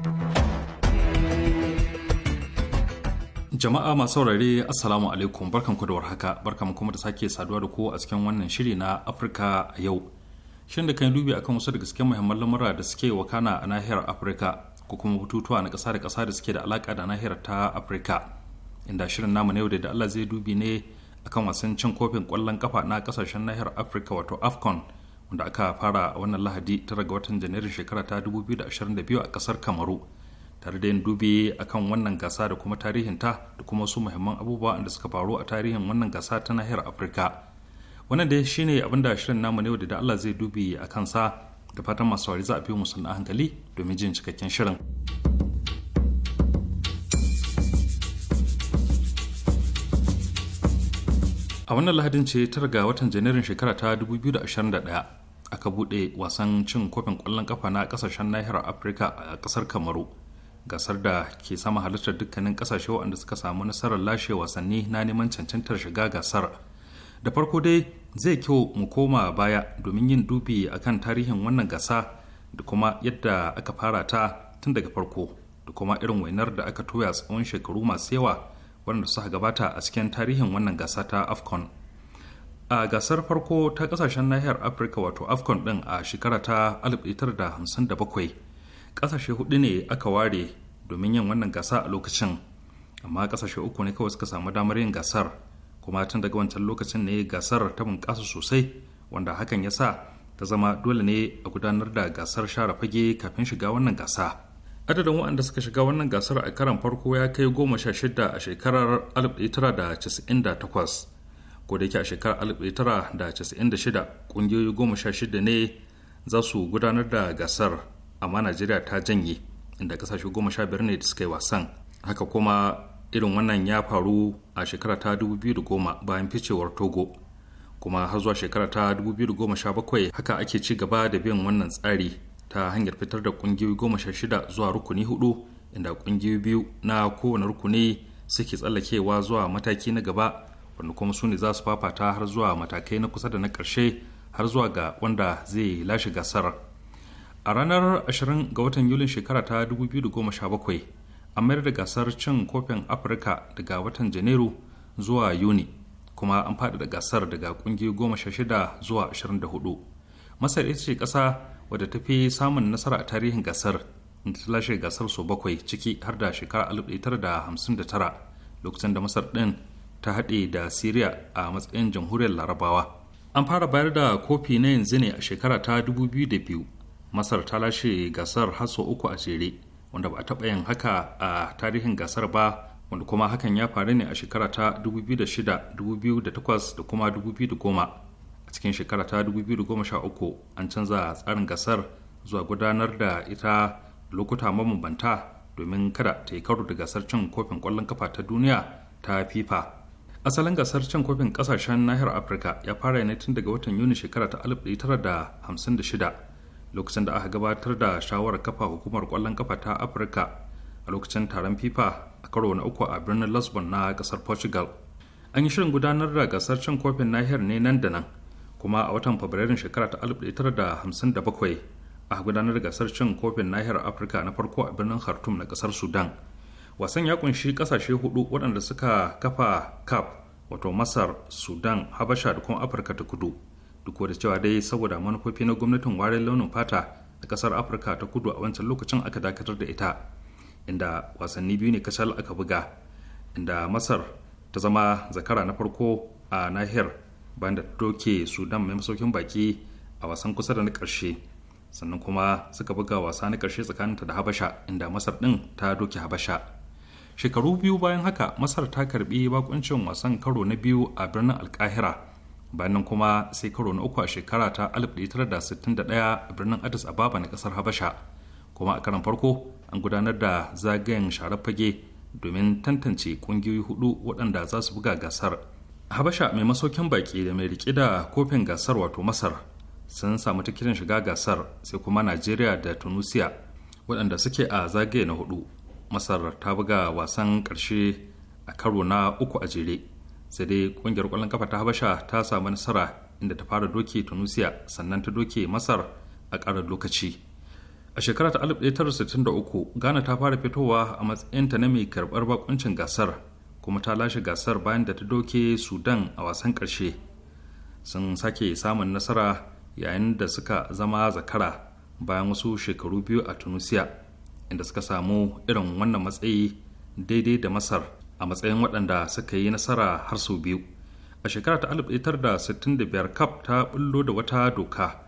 jama'a masu saurare assalamu alaikum ku da warhaka mu kuma da sake saduwa da ku a cikin wannan shiri na afirka a yau shin da kan dubi akan wasu daga cikin muhimman lamura da suke wakana a nahiyar afirka ko kuma bututuwa na ƙasa da ƙasa da suke da alaƙa da nahiyar ta afirka inda shirin namu na yau da allah zai dubi ne akan wasan cin kofin ƙwallon kafa na ƙasashen nahiyar afirka wato afcon wanda aka fara a wannan lahadi tara ga watan janairun shekara ta 2022 a ƙasar kamaru tare da yin dubi akan wannan gasa da kuma ta da kuma su muhimman abubuwa da suka faru a tarihin wannan gasa ta nahiyar afirka wannan dai shine abinda shirin namu ne da Allah zai dubi a kansa da fatan masu za a fi musulun hankali domin jin cikakken shirin. a wannan lahadin ce ta ga watan janairun shekara ta 2021 aka bude wasan cin kofin kwallon kafa na kasashen nahiyar afirka a kasar kamaru gasar da ke sama halittar dukkanin kasashe waɗanda suka samu nasarar lashe wasanni na neman cancantar shiga gasar da farko dai zai kyau mu koma baya domin yin dubi akan tarihin wannan gasa da kuma yadda aka fara ta tun daga farko da kuma irin wainar da aka toya tsawon shekaru masu yawa Wadanda suka gabata a cikin tarihin wannan gasa ta afcon a gasar farko ta kasashen nahiyar afirka wato afcon ɗin a shekara ta 1957 ƙasashe hudu ne aka ware domin yin wannan gasa a lokacin amma ƙasashe uku ne kawai suka samu damar yin gasar kuma tun daga wancan lokacin ne gasar ta bunƙasa sosai wanda hakan ya sa ta zama dole ne a gudanar da gasar share fage kafin shiga wannan gasa adadin waɗanda suka shiga wannan gasar a karan farko ya kai goma sha shida a shekarar 1998 ko da yake a shekarar 1996 ƙungiyoyi goma sha shida ne za su gudanar da gasar amma najeriya ta janye inda kasashe goma sha biyar ne da suka yi wasan haka kuma irin wannan ya faru a shekara ta 2010 bayan ficewar togo kuma har zuwa shekara ta 2017 haka ake ci gaba da bin wannan tsari ta hanyar fitar da kungiyoyi goma sha shida zuwa rukuni hudu inda kungiyoyi biyu na kowane rukuni suke tsallakewa zuwa mataki na gaba wanda kuma su ne za su fafata har zuwa matakai na kusa da na karshe har zuwa ga wanda zai lashe gasar a ranar 20 ga watan yulin shekara ta 2017 an mayar da gasar cin kofin afirka daga watan janairu zuwa yuni kuma an faɗaɗa gasar daga ƙungiyoyi goma sha shida zuwa ashirin da hudu masar ita ce ƙasa wadda ta fi samun nasara a tarihin gasar inda ta lashe gasar sau bakwai ciki har da shekara alif da hamsin da tara lokacin da masar ɗin ta haɗe da Siriya a matsayin jamhuriyar larabawa an fara bayar da kofi na yanzu ne a shekara ta biyu masar ta lashe gasar har sau uku a jere wanda ba a taɓa yin haka a tarihin gasar ba wanda kuma hakan ya faru ne a shekara ta 2006 2008 da kuma 2010 a cikin shekara ta 2013 an canza tsarin gasar zuwa gudanar da ita lokuta mabambanta domin kada ta yi karo da gasar cin kofin kwallon kafa ta duniya ta fifa asalin gasar cin kofin kasashen nahiyar afirka ya fara ne tun daga watan yuni shekara ta 1956 lokacin da aka gabatar da shawarar kafa hukumar kwallon kafa ta afirka a lokacin taron fifa a karo na uku a birnin Lisbon na kasar Portugal. An yi shirin gudanar da gasar cin kofin nahiyar ne nan da nan kuma a watan Fabrairun shekara ta 1957 a gudanar da gasar cin kofin nahiyar Afirka na farko a birnin Khartoum na kasar Sudan. Wasan ya kunshi kasashe hudu waɗanda suka kafa CAF wato Masar, Sudan, Habasha da kuma Afirka ta Kudu. Duk da cewa dai saboda manufofi na gwamnatin warin launin fata a kasar afirka ta kudu a wancan lokacin aka dakatar da ita inda wasanni biyu ne kashal aka buga inda masar ta zama zakara na farko a nahiyar bayan da doke sudan mai masaukin baki a wasan kusa da na ƙarshe sannan kuma suka buga wasa na ƙarshe tsakaninta da habasha inda masar ɗin ta doke habasha shekaru biyu bayan haka masar ta karbi bakuncin wasan karo na biyu a birnin alkahira bayan kuma sai karo na uku a shekara ta 1961 a birnin addis ababa na kasar habasha kuma a karan farko an gudanar da zagayen share fage domin tantance kungiyoyi hudu waɗanda za su buga gasar habasha mai masaukin baki da mai rike da kofin gasar wato masar sun samu tikirin shiga gasar sai kuma najeriya da tunisia waɗanda suke a zagaye na hudu masar ta buga wasan ƙarshe a karo na uku a jere sai dai ƙungiyar ƙwallon kafa ta habasha ta samu nasara inda ta fara doke tunisia sannan ta doke masar a ƙarar lokaci a shekara ta 1963 ghana ta fara fitowa a matsayinta na mai karbar bakuncin gasar kuma ta lashe gasar bayan da ta doke sudan a wasan karshe sun sake samun nasara yayin da suka zama zakara bayan wasu shekaru biyu a tunisia inda suka samu irin wannan matsayi daidai da masar a matsayin waɗanda suka yi nasara har sau biyu a shekara ta 1965 kaf ta bullo da wata doka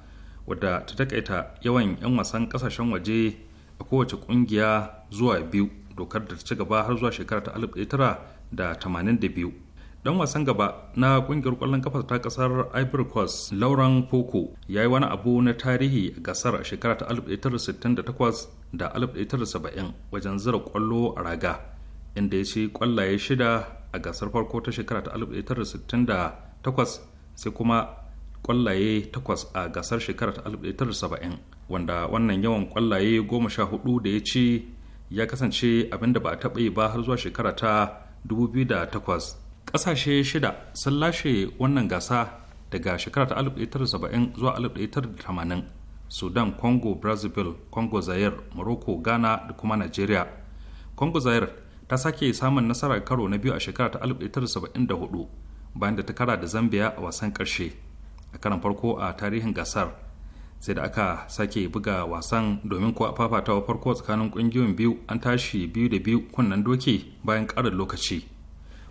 wadda ta takaita yawan 'yan wasan kasashen waje a kowace kungiya zuwa biyu dokar da ta ci gaba har zuwa shekara ta 1982 dan wasan gaba na kungiyar kwallon kafa ta kasar ivory coast lauren poco ya yi wani abu na tarihi a gasar a shekara ta 1968 da 1970 wajen zira kwallo a raga inda ya ci kwallaye shida a gasar farko ta shekara ta 1968 sai kuma kwallaye takwas a gasar shekarar 1970 wanda wannan yawan kwallaye goma sha hudu da ya ci ya kasance abin da ba a taɓa yi ba har zuwa shekara ta 2008 ƙasashe shida sun lashe wannan gasa daga shekarar 1970 zuwa 1980 sudan congo brazil congo zaire morocco ghana da kuma nigeria congo zaire ta sake samun nasara karo na biyu a shekara ta 1974 bayan da ta kara da zambia a wasan ƙarshe a karan farko a tarihin gasar sai da aka sake buga wasan domin kuwa fafatawa farko tsakanin kungiyoyin biyu an tashi biyu da biyu kunnan doki bayan ƙarin lokaci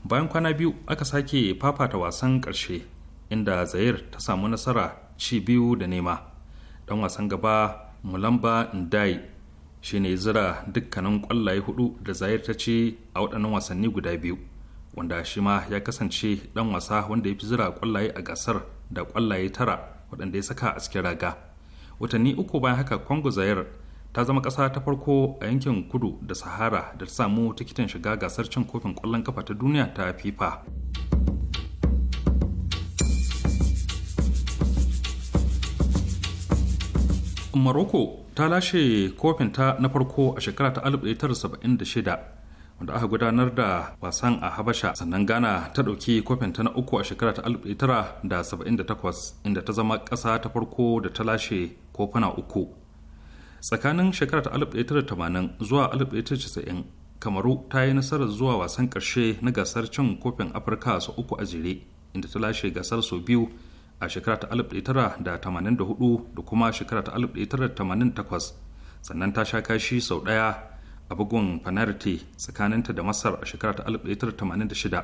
bayan kwana biyu aka sake fafata wasan ƙarshe inda zayir ta samu nasara ci biyu da nema dan wasan gaba mulamba ndai shine zira dukkanin kwallaye hudu da zayir ta ce a waɗannan wasanni guda biyu wanda shi ma ya kasance dan wasa wanda ya fi zira kwallaye a gasar da kwallaye tara waɗanda ya saka a cikin raga watanni uku bayan haka congo zayar ta zama ƙasa ta farko a yankin kudu da sahara da ta samu tikitin shiga gasar cin kofin kwallon kafa ta duniya ta fifa morocco ta lashe kofin ta na farko a shekara ta 1976 wanda aka gudanar da wasan a habasha sannan ghana ta ɗauki ta na uku a shekara ta 1978 inda ta zama ƙasa ta farko da ta lashe kofuna uku tsakanin shekara ta 1980 zuwa 1990 kamaru ta yi nasarar zuwa wasan ƙarshe na gasar cin kofin afirka sau uku a jere inda ta lashe gasar sau biyu a shekara ta 1984 da kuma shekara ta 1988 sannan ta sha kashi sau ɗaya a bugun fanarti tsakaninta da masar a shekara ta 1986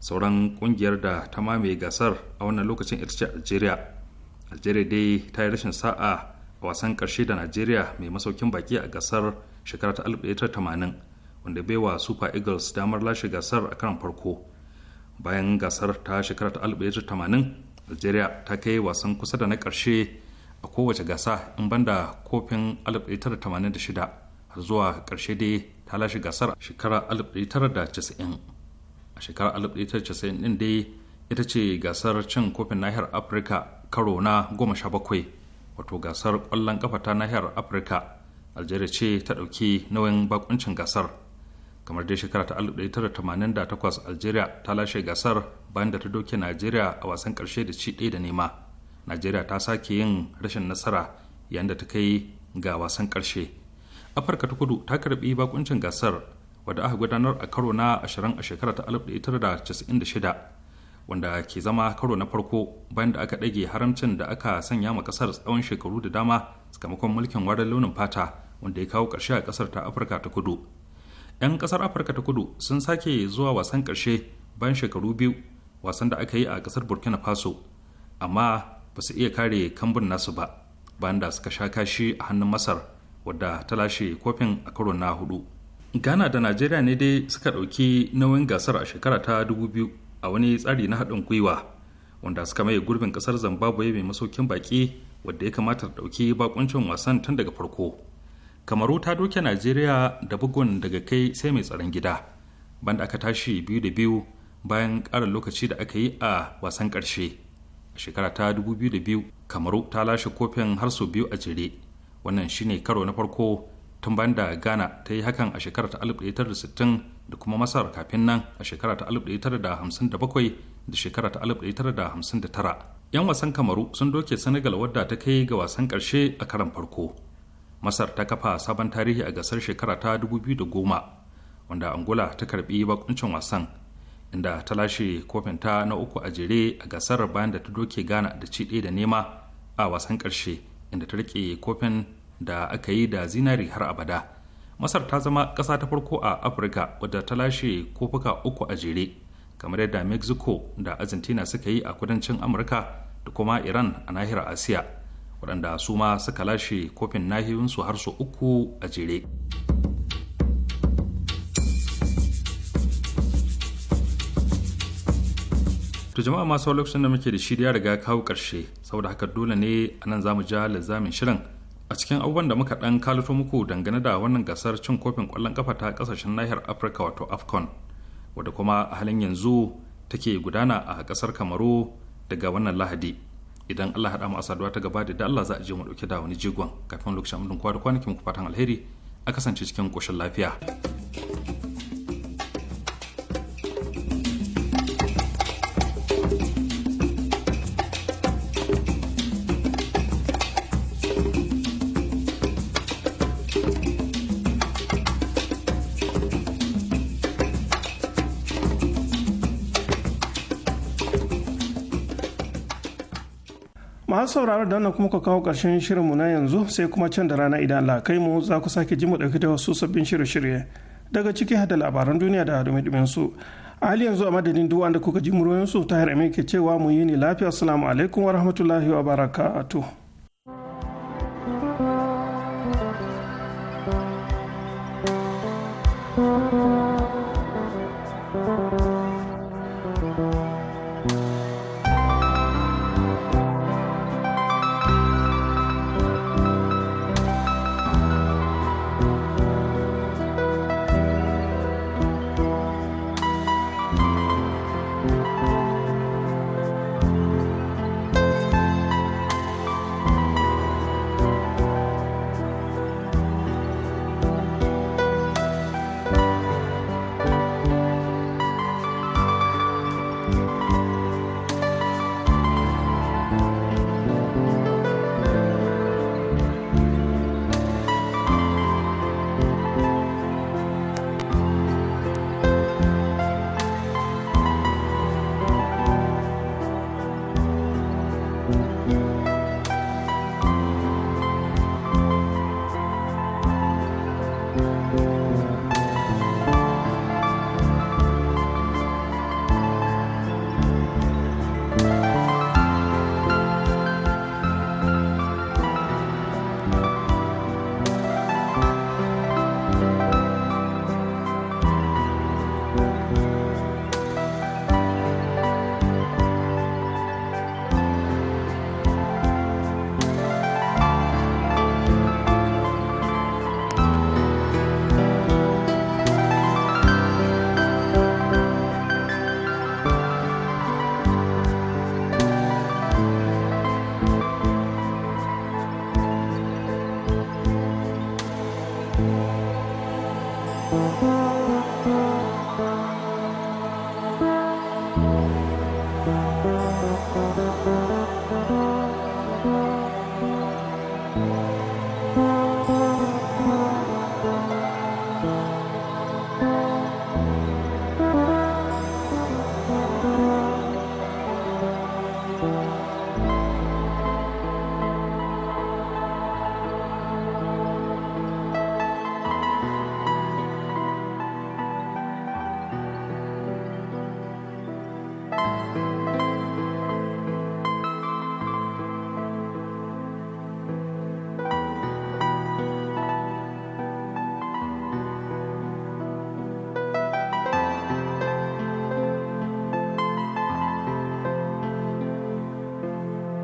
sauran kungiyar da ta mamaye gasar a wannan lokacin ita ce algeria algeria dai ta yi rashin sa'a a wasan karshe da nigeria mai masaukin baki a gasar shekara ta 1980 wanda baiwa super eagles damar lashe gasar a karan farko bayan gasar ta shekara ta 1980 algeria ta kai wasan kusa da na karshe a kowace gasa in banda kofin 1986 zuwa ƙarshe dai ta lashe gasar shekarar 1990 a shekarar 1990 ɗin dai ita ce gasar cin kofin nahiyar afirka karo na 17 wato gasar ƙwallon kafa ta nahiyar afirka algeria ce ta ɗauki nauyin bakuncin gasar kamar dai shekara ta 1988 algeria ta lashe gasar bayan da ta doke najeriya a wasan ƙarshe da ci ɗaya da nema najeriya ta sake yin rashin nasara yayin da ta kai ga wasan ƙarshe afirka ta kudu ta karbi bakuncin gasar wadda aka gudanar a karo na 20 a shekarar ta 1996 wanda ke zama karo na farko bayan da aka ɗage haramcin da aka sanya ma kasar tsawon shekaru da dama sakamakon mulkin warin launin fata wanda ya kawo ƙarshe a kasar ta afirka ta kudu 'yan kasar afirka ta kudu sun sake zuwa wasan ƙarshe bayan shekaru biyu wasan da aka yi a kasar burkina faso amma ba su iya kare kambun nasu ba bayan da suka sha kashi a hannun masar wadda ta lashe kofin a karo na hudu ghana da najeriya ne dai suka ɗauki nauyin gasar a shekara ta 2000 a wani tsari na haɗin gwiwa wanda suka maye gurbin ƙasar zimbabwe mai masaukin baƙi wadda ya kamata ta ɗauki bakuncin wasan tun daga farko kamaru ta doke najeriya da bugun daga kai sai mai tsaron gida banda aka tashi biyu da biyu bayan ƙarin lokaci da aka yi a wasan ƙarshe a shekara ta 2002 kamaru ta lashe kofin har sau biyu a jere wannan shine karo na farko tun bayan da ghana ta yi hakan a shekara ta 1960 da kuma masar kafin nan a shekara ta 1957 da shekara ta 1959 'yan wasan kamaru sun doke senegal wadda ta kai ga wasan karshe a karan farko masar ta kafa sabon tarihi a gasar shekara ta 2010 wanda angola ta karbi bakuncin wasan inda ta lashe kofin ta na uku a jere a gasar bayan da ta doke ghana da ci ɗaya da nema a wasan karshe inda ta rike kofin da aka yi da zinari har abada masar ta zama ƙasa ta farko a afirka wadda ta lashe kofuka uku a jere kamar yadda mexico da argentina suka yi a kudancin amurka da kuma iran a nahiyar asiya waɗanda su ma suka lashe kofin nahiyunsu har su uku a jere. to jama'a masu lokacin da muke da shirya daga riga kawo karshe saboda haka dole ne a nan zamu ja lizamin shirin a cikin abubuwan da muka dan kalato muku dangane da wannan gasar cin kofin kwallon kafa ta kasashen nahiyar afirka wato afcon wadda kuma a halin yanzu take gudana a kasar kamaru daga wannan lahadi idan Allah haɗa mu asaduwa ta gaba da Allah za a je mu dauke da wani jigon kafin lokacin mun kwa da kwanakin fatan alheri a kasance cikin ƙoshin lafiya. masu sauraro da wannan kuma ka kawo ƙarshen shirinmu na yanzu sai kuma can da rana idan Allah kai mu za ku sake ji mu ɗauki da wasu sabbin shirye-shirye daga ciki hada labaran duniya da dumi su a hali yanzu a madadin duk wanda kuka ji muryoyin su tahir amin ke cewa mu yi ni lafiya assalamu alaikum wa rahmatullahi wa barakatuh